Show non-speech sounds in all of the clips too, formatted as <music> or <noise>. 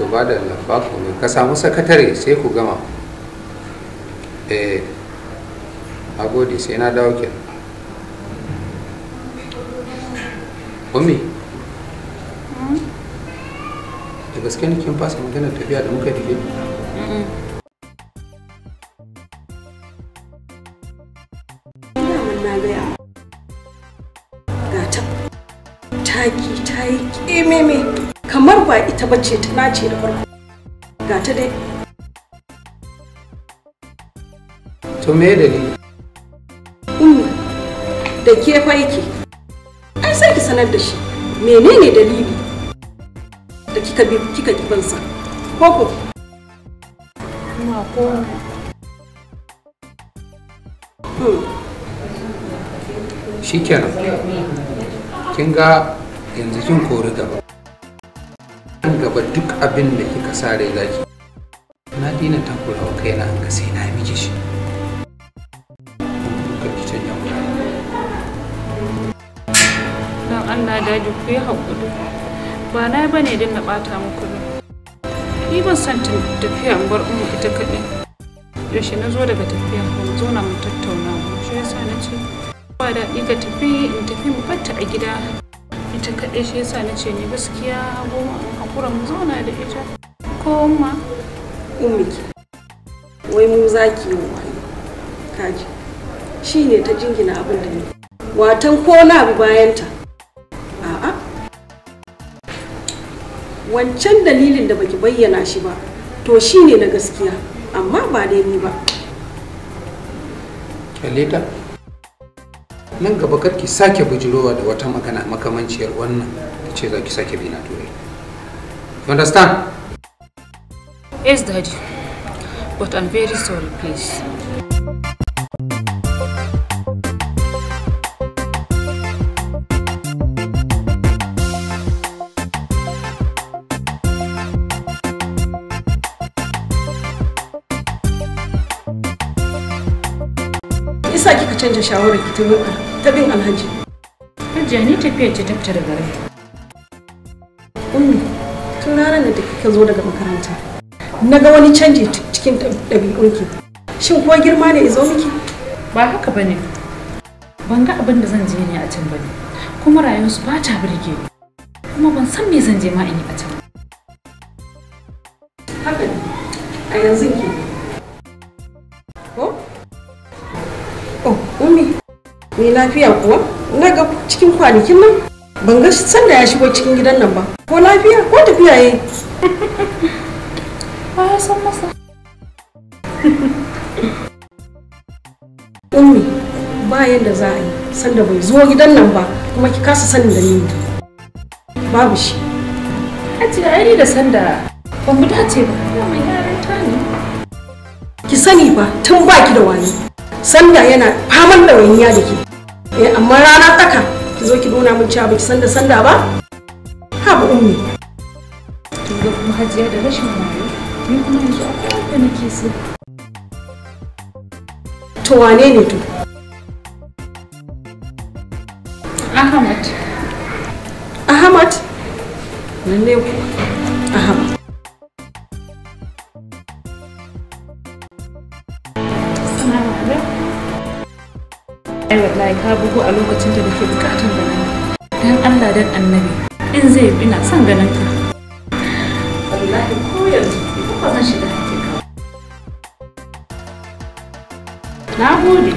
to ba da ba komai ka samu sakatare sai ku gama eh a gode sai na dawo ke ummi da gaske ne kin fasa maganar tafiya da muka ta Taki ta yi ƙememe kamar ba ita bace ta nace da farko ga ta dai to me dalili in mm. da ke faiki an ai sai ki sanar da shi menene dalili da kika bi kika kibansa ko ko kuma ko mm. shikenan kin ga yanzu kin kori gaba gaba duk abin da kika sa rai zaki na dina takura wa kaina ga sai na miki shi don Allah daji ku yi haƙuri ba na ba ne don na ɓata muku ne ni ban san tafiya in bar umu ita kaɗai yaushe na zo daga tafiya ko zo zauna mu tattauna ba shi yasa na ce ba daɗi ka tafi in tafi mu fatta a gida ita kaɗai shi yasa na ce ni gaskiya goma an hakura mu zauna da ita ko ma ummiki wai mu zaki yi wani kaji shi ne ta jingina abin da ni watan ko na bi bayanta a'a wancan dalilin da baki bayyana shi ba to shi ne na gaskiya amma ba dai ba Kalita. nan gaba kar ki sake bujirowa da wata magana makamanciyar wannan ta ce za ki sake bina turai you understand yes daddy but i'm very sorry please yasa kika canja shawarar ki ta ta bin alhaji hajiya ni tafiya ce ta fita da garin ummi tun ranar da kika zo daga makaranta na ga wani canji cikin ɗabi'unki shin ko girma ne izo miki ba haka bane ban ga abin da zan je ne a can bane kuma rayuwarsu ba ta birge kuma ban san me zan je ma in yi a can haka ne a yanzu ki ko oh ummi Ni lafiya kuwa? Na ga cikin kwanakin nan? Ban ga sanda ya shigo cikin gidan nan ba. Ko lafiya ko tafiya yi. <laughs> Ba ya san masa. <laughs> Ummi, ba yadda za a yi sanda bai zo gidan nan ba kuma ki kasa sanin da ni Babu shi. Ajiye ai da sanda ban mu dace ba. Mai ta ne. Ki sani ba tun baki da wani. Sanda yana faman ya da ke. eh amma rana tsaka ki zo ki nuna min cewa baki sanda sanda ba ha ba ummi to ga kuma hajiya da rashin wayo ni kuma yanzu akwai wanda nake so to wane ne to Ahmad Ahmad nan ne ku ai wallahi ka bugu a lokacin da nake bukatar ganin dan Allah dan annabi in zai ina son ganin ka wallahi ko yanzu ko ba zan shiga hakika na gode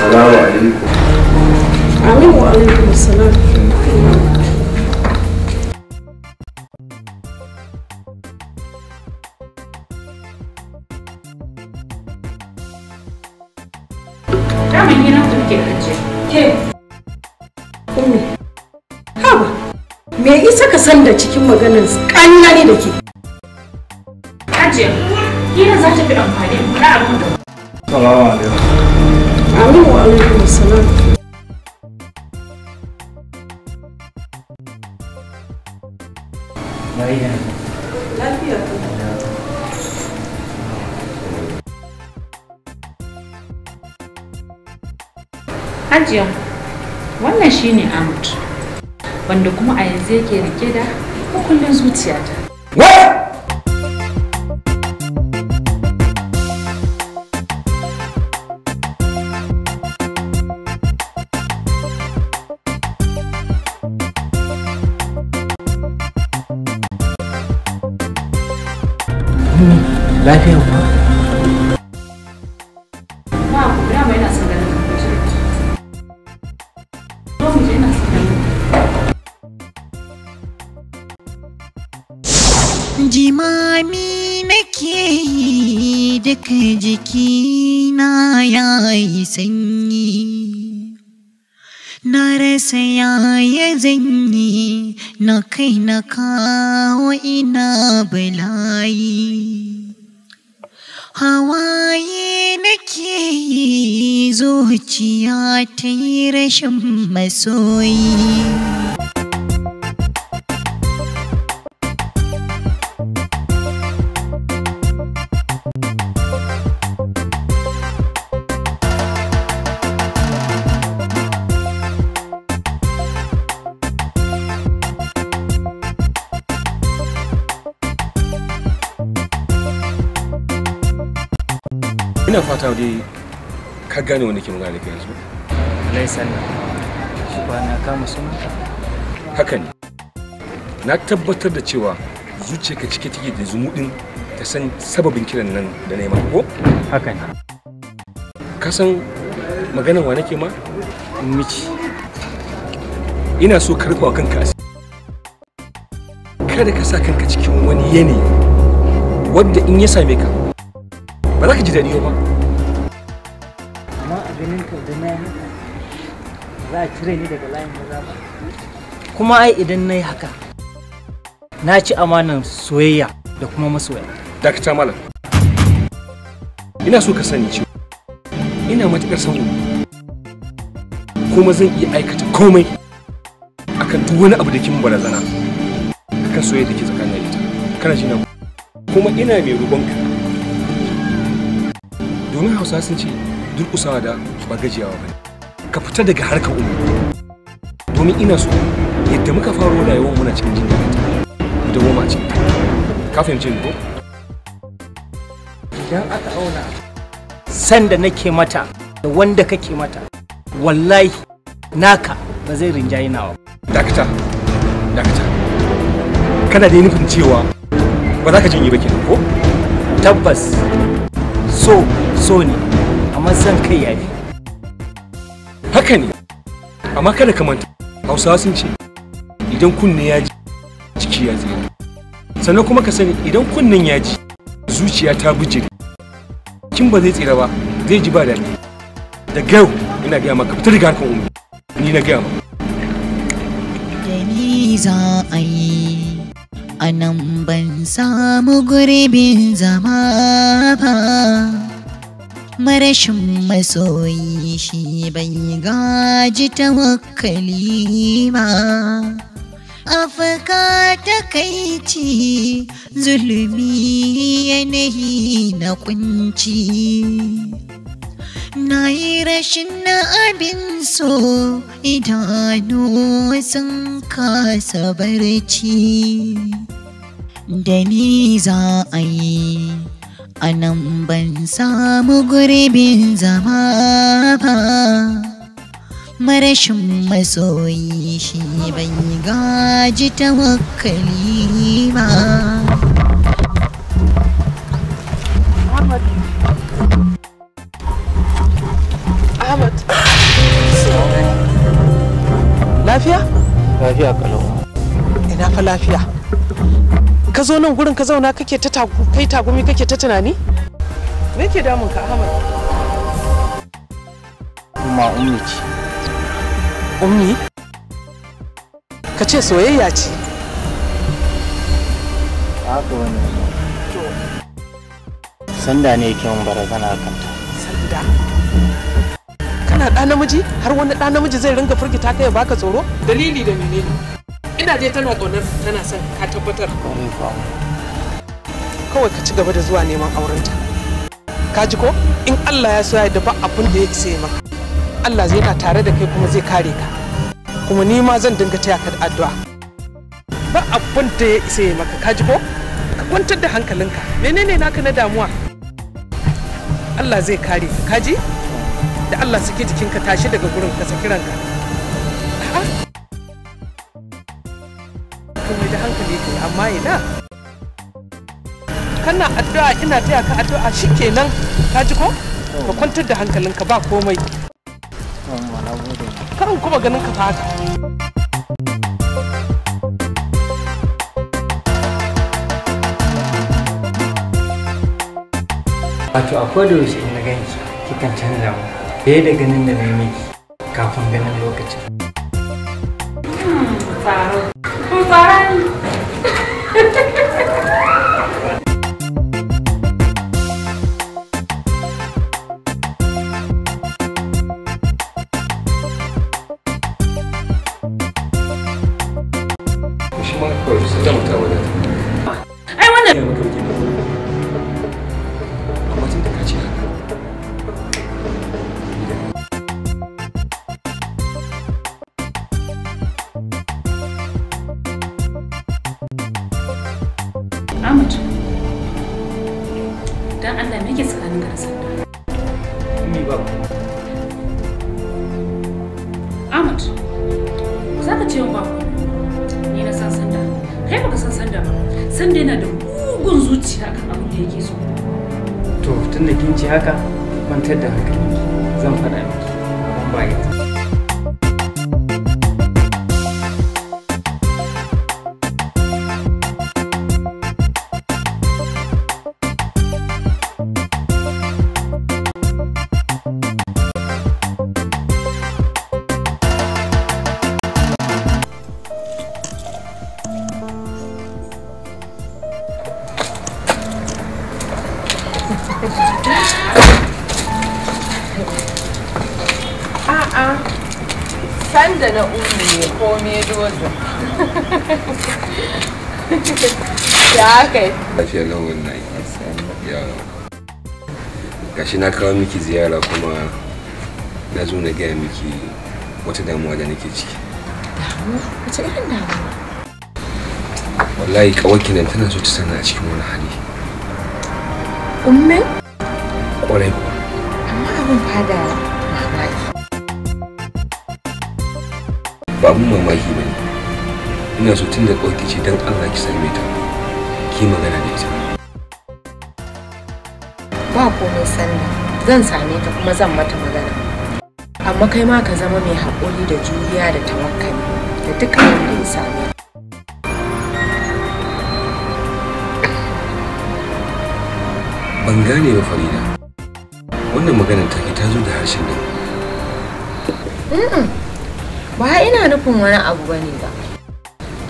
Salamu alaikum. Alaikum alaikum salam. san da cikin maganar ƙanani da ke. Hajiya, kira za ta fi amfani da abin da. Salamu alaikum. Amin wa alaikum salam. Lafiya. Hajiya, wannan shi ne Amut. wanda kuma a yanzu yake rike da hukullin zuciyata. What? Jimami nake yi duka jikina ya yi sanyi. Na rasa yaya zanyi na kai na kawo ina bala'i. Hawaye nake yi zuciya ta yi rashin masoyi. ina fata dai ka gane wani ke magana da kai yanzu alai shi ba na kama suna. haka ne na tabbatar da cewa ka cike take da zumuɗin ta san sababin kiran nan da na yi ko haka ne ka san maganan wa nake ma miki ina so ka rufa kanka asiri kada ka sa kanka cikin wani yanayi wadda in ya same ka ba za ka ji daɗi ba amma a ganin ka da na za a cire ni daga layin maza ba kuma ai idan na yi haka na ci amanan soyayya da kuma masoya dakata malam ina so ka sani cewa ina matuƙar sauri kuma zan iya aikata komai akan duk wani abu da kin barazana kan soyayya da ke tsakanin ita kana jina kuma ina mai rubanka domin hausa sun ce durkusawa da ba gajiyawa ba ka fita daga harkar umu domin ina so yadda muka faro rayuwar muna cikin jin daɗi mu dawo ma cikin ka fahimci ni ko idan aka auna sanda nake mata da wanda kake mata wallahi naka ba zai rinjayi nawa dakata dakata kana da nufin cewa ba za ka janye ba kenan ko tabbas so so ne amma zan kai ya fi haka ne amma kada ka manta hausawa sun ce idan kunne ya ji ciki ya tsira sannan kuma ka sani idan kunnen ya ji zuciya ta bujire kin ba zai tsira ba zai ji ba daɗi da gau ina gaya maka fitar da harkar umu ni na gaya maka za a yi a nan ban samu gurbin zama ba marashin masoyi shi bai gaji tawakkali ba. afirka ta kai ci zulumi yanayi na kunci na yi rashin na abin so idanu sun kasa barci da ni za a yi a nan ban samu gurbin zama ba marashin masoyi shi bai gaji tawakkali ba lafiya? lafiya kalau ina fa lafiya ka zo nan gurin ka zauna kake ta tagu kai tagumi kake ta tunani me ke damun ka Ahmad Ma ummi ce ummi ka ce soyayya ce haka wani sanda ne yake mun barazana kan ta. sanda kana ɗa namiji har wani ɗa namiji zai ringa firgita kai ya baka tsoro dalili da menene ina je tana ƙaunar tana son ka tabbatar kawai ka ci gaba da zuwa neman aurenta ka ji ko in Allah ya so ya da ba abin da ya isa ya maka Allah zai na tare da kai kuma zai kare ka kuma ni ma zan dinga taya ka da addu'a ba abin da ya isa ya maka ka ji ko ka kwantar da hankalinka menene naka na damuwa Allah zai kare ka Ka ji da Allah saki jikinka tashi daga gurin ka saki ranka amma ina kana addu'a ina taya ka addu'a shikenan ka ji ko ka kwantar da hankalinka ba komai karin kuma ganin ka fata wato a wasu in na ganki kikan canza mu fiye da ganin da nemi kafin ganin lokacin. Kun tun da kin ci haka kwantar da hankali zan faɗa miki ban bayyana Okay. Yes, yeah. na kawo miki ziyara kuma na zo na gaya miki wata damuwa da nake ciki. Damuwa? Wace irin damuwa? Wallahi tana so ta sana a cikin wani hali. Umme? Ƙwarai kuwa. Amma abin fada mamaki. Ba mamaki ba ne. Ina so tun da ƙauki ce don Allah ki same ta. ki magana da ita ba komai sanda zan same ta kuma zan mata magana amma kai ma ka zama mai haƙuri da juriya da tawakkali da duk abin da ya same ban gane ba farida wannan maganar ta ta zo da harshen da ba ina nufin wani abu bane ba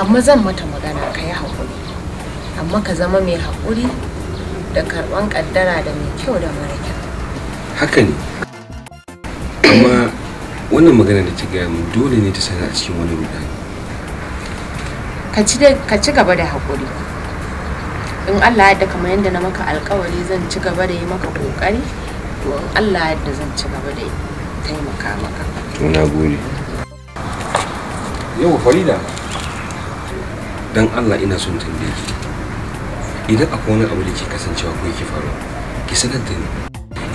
amma zan mata magana ka yi haƙuri amma ka zama mai haƙuri da karɓan ƙaddara da mai kyau da mara kyau haka ne amma wannan magana da ta gaya mu dole ne ta sana a cikin wani ne. ka ci gaba da haƙuri in allah yadda kamar yadda na maka alkawari zan ci gaba da yi maka ƙoƙari to in allah yadda zan ci gaba da taimaka maka to na gode yau farida dan allah ina son tambaye ki idan akwai wani abu da ke kasancewa ko yake faruwa ki sanar da ni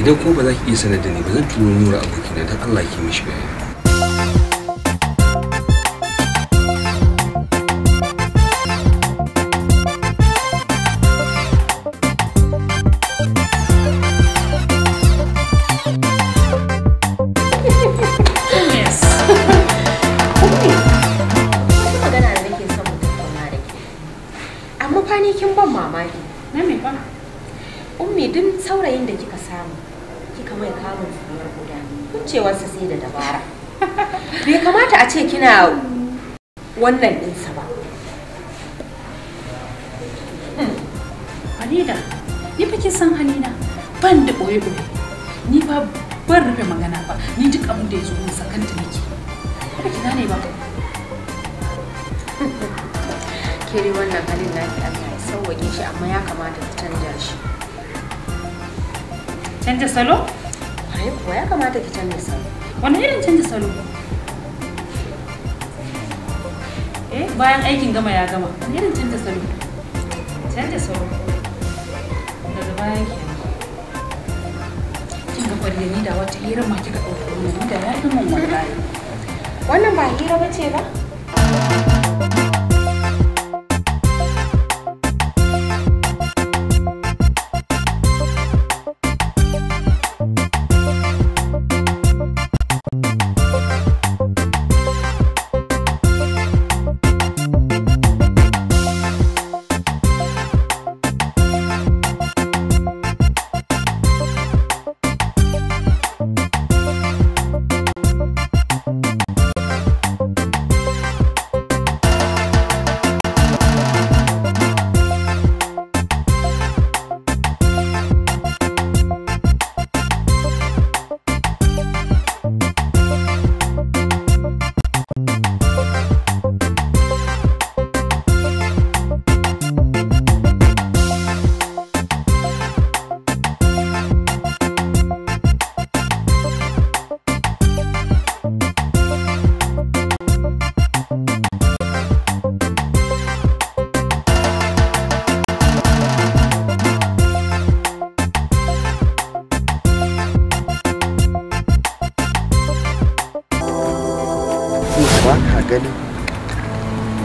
idan kuma ba za ki iya sanar da ni ba zan turo nura abokina don allah ki mishi bayani ban mamaki na me fa ummi duk saurayin da kika samu kika mai karin furiyar guda kuncewarsa sai da dabara <laughs> bai kamata a ce kina wannan ɗinsa ba Halida, ni fa kin san Halida ban da boye ɓoye ni fa ban rufe magana ba ni duk abin da ya zo min sakanta nake kada ki gane ba <laughs> Kiri wannan halin ke Allah sauwaƙe shi amma ya kamata ka canja shi canja salo? kwarai kuwa ya kamata ka canja salo wani irin canja salo eh bayan aikin gama ya gama wani irin canja salo canja salo daga bayan ki kin ga kwaryani da wata hira ma kika ɗauka wani da ya fi mun wallahi wannan ba hira ba ce ba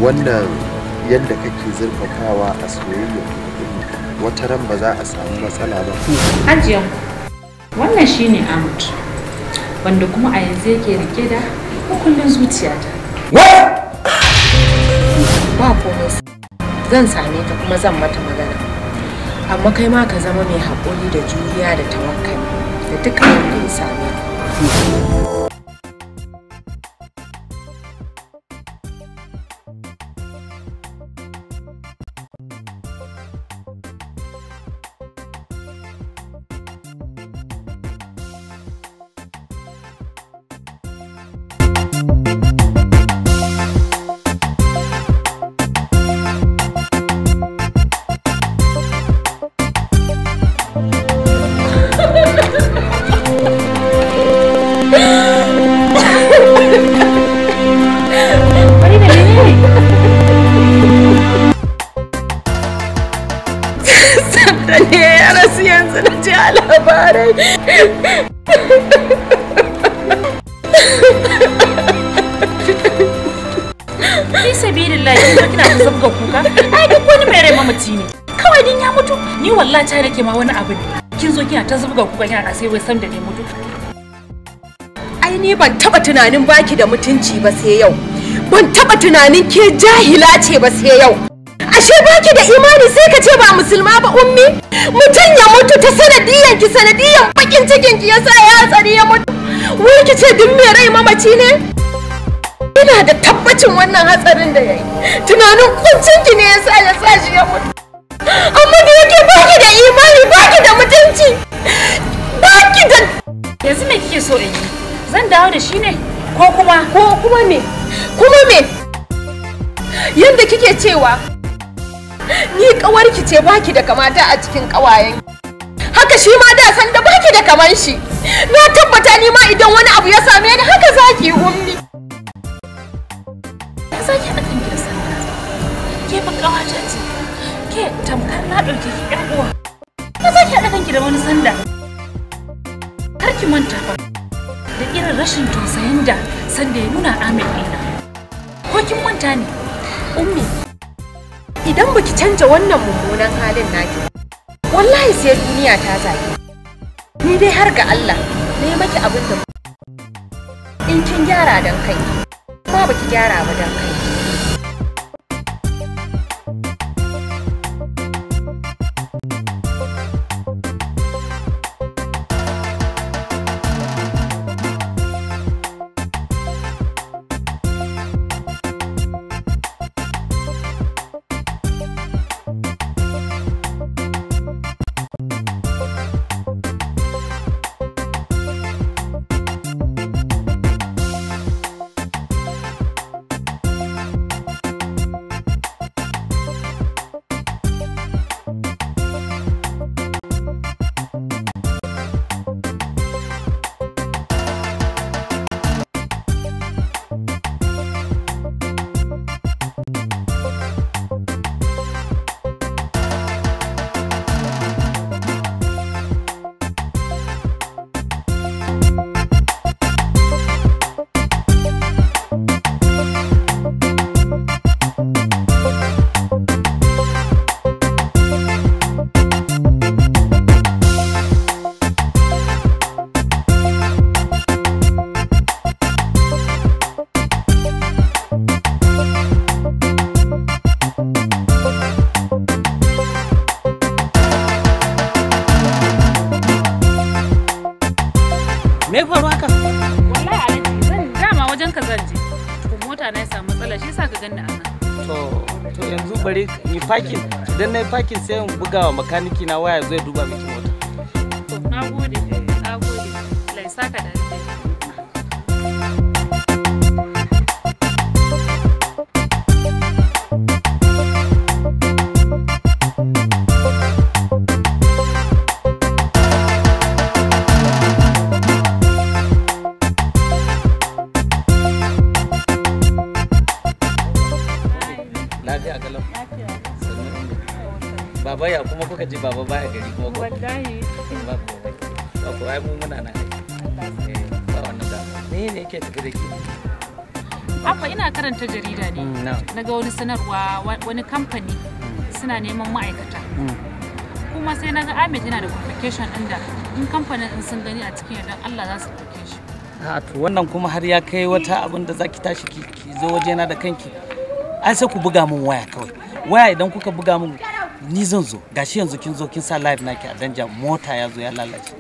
wannan yadda kake zurfafawa a soyayya wata ran ba za a samu matsala ba hajiyan wannan shine amut wanda kuma a yanzu yake rike da hukullin zuciyata ba komai zan same ta kuma zan mata magana amma kai ma ka zama mai haƙuri da juriya da tawakkali da duk abin same kawai din ya mutu ni wallahi ta nake ma wani abu kin zo kina ta zubuga kukan yara sai wai sam da ne mutu ai ni ban taba tunanin baki da mutunci ba sai yau ban taba tunanin ke jahila ce ba sai yau ashe baki da imani sai ka ce ba musulma ba ummi mutum ya mutu ta sanadiyan ki sanadiyan bakin cikin ki yasa ya tsari ya mutu wai ki ce duk me rai mamaci ne ina da tabbacin wannan hatsarin da yayi tunanin kuncin ki ne yasa ya sa ya mutu amma da yake baki da imani baki da mutunci baki da yanzu me kike so in yi zan dawo da shi ne ko kuma ko kuma me kuma me yanda kike cewa ni kawarki ce baki da kamata a cikin kawayen haka shi ma da san da baki da kaman shi na tabbata ni ma idan wani abu ya same ni haka zaki ummi zaki akan girsa ke ba kawata ce E, tamkar na ɗauke ki ƴan uwa. Ba za ki haɗa kanki da wani sanda. Kar ki manta ba da irin rashin tausayin da sanda ya nuna Ahmed ɗina. Ko kin manta ne? Ummi, idan baki canja wannan mummunan halin naki, wallahi sai duniya ta zaki. Ni dai har ga Allah, na yi maki abin da in kin gyara don kai, ba baki gyara ba don kai. parking idan na yi parking sai in buga wa makaniki na waya zai duba miki mota. Na gode, na gode, lai saka da karanta jarida ne mm, na ga wani sanarwa wani kamfani mm. suna neman ma'aikata mm. kuma sai na ga ahmed yana da complication inda in kamfanin in sun gani a cikin yadda allah za su ɗauke shi ah, to wannan kuma har ya kai wata abin da zaki tashi ki zo wajena da kanki ai sai ku buga min waya kawai waya idan kuka buga min ni zan zo gashi yanzu kin zo kin sa live naki a danja mota ya zo ya lalace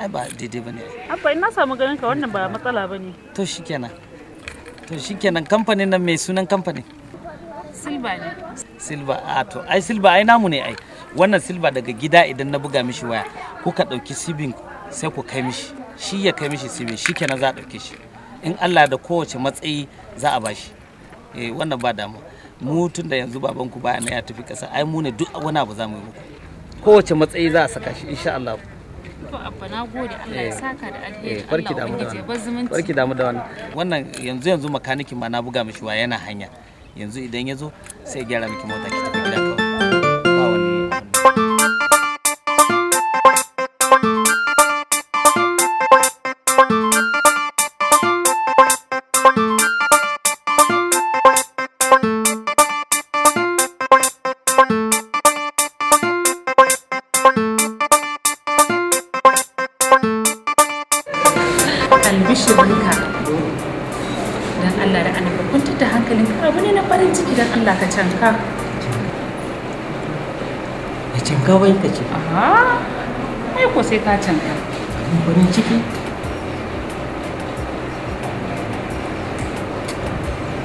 ai ba daidai bane abba ina samu ganin ka wannan ba matsala bane to shikenan to shikenan kamfanin nan mai sunan kamfanin silba ne silba a to ai silba ai namu ne ai wannan silba daga gida idan na buga mishi waya kuka ɗauki sibin sai ku kai mishi shi ya kai mishi sibin shikenan za a ɗauki shi in Allah da kowace matsayi za a bashi eh wannan ba damu mu tun da yanzu baban baya na ya tafi ƙasa ai mu ne duk wani abu za mu yi muku kowace matsayi za a saka shi insha Allah to abba na gode Allah ya eh. saka da alheri eh, Allah ya damu da wannan yanzu yanzu makanikin ma na buga mishi wa yana hanya yanzu idan ya zo sai gyara miki mota ki tafi gida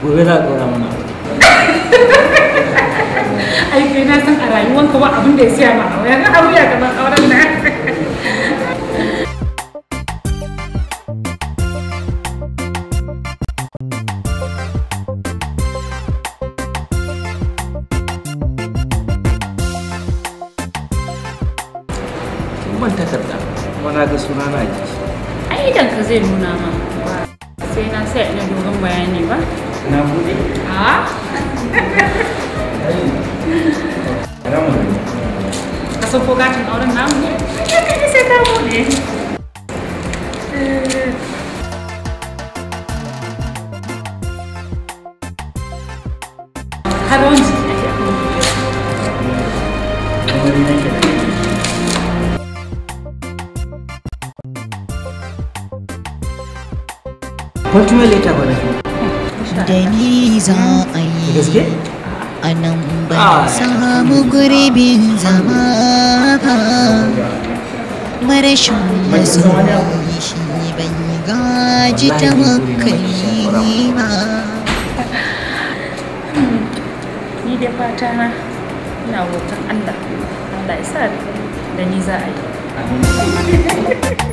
gobe za a ɗora mana ai kai na san a rayuwanka ba abin da ya siya ma a wayar auya gaban auren na har rawan jiki ake akwai Fortune later ba da ni za a yi. Gaske? A ba samu gurbin zama ba. Marashin masoyi shi gaji ta dai fata na ina roƙon Allah Allah ya sa da ni za a yi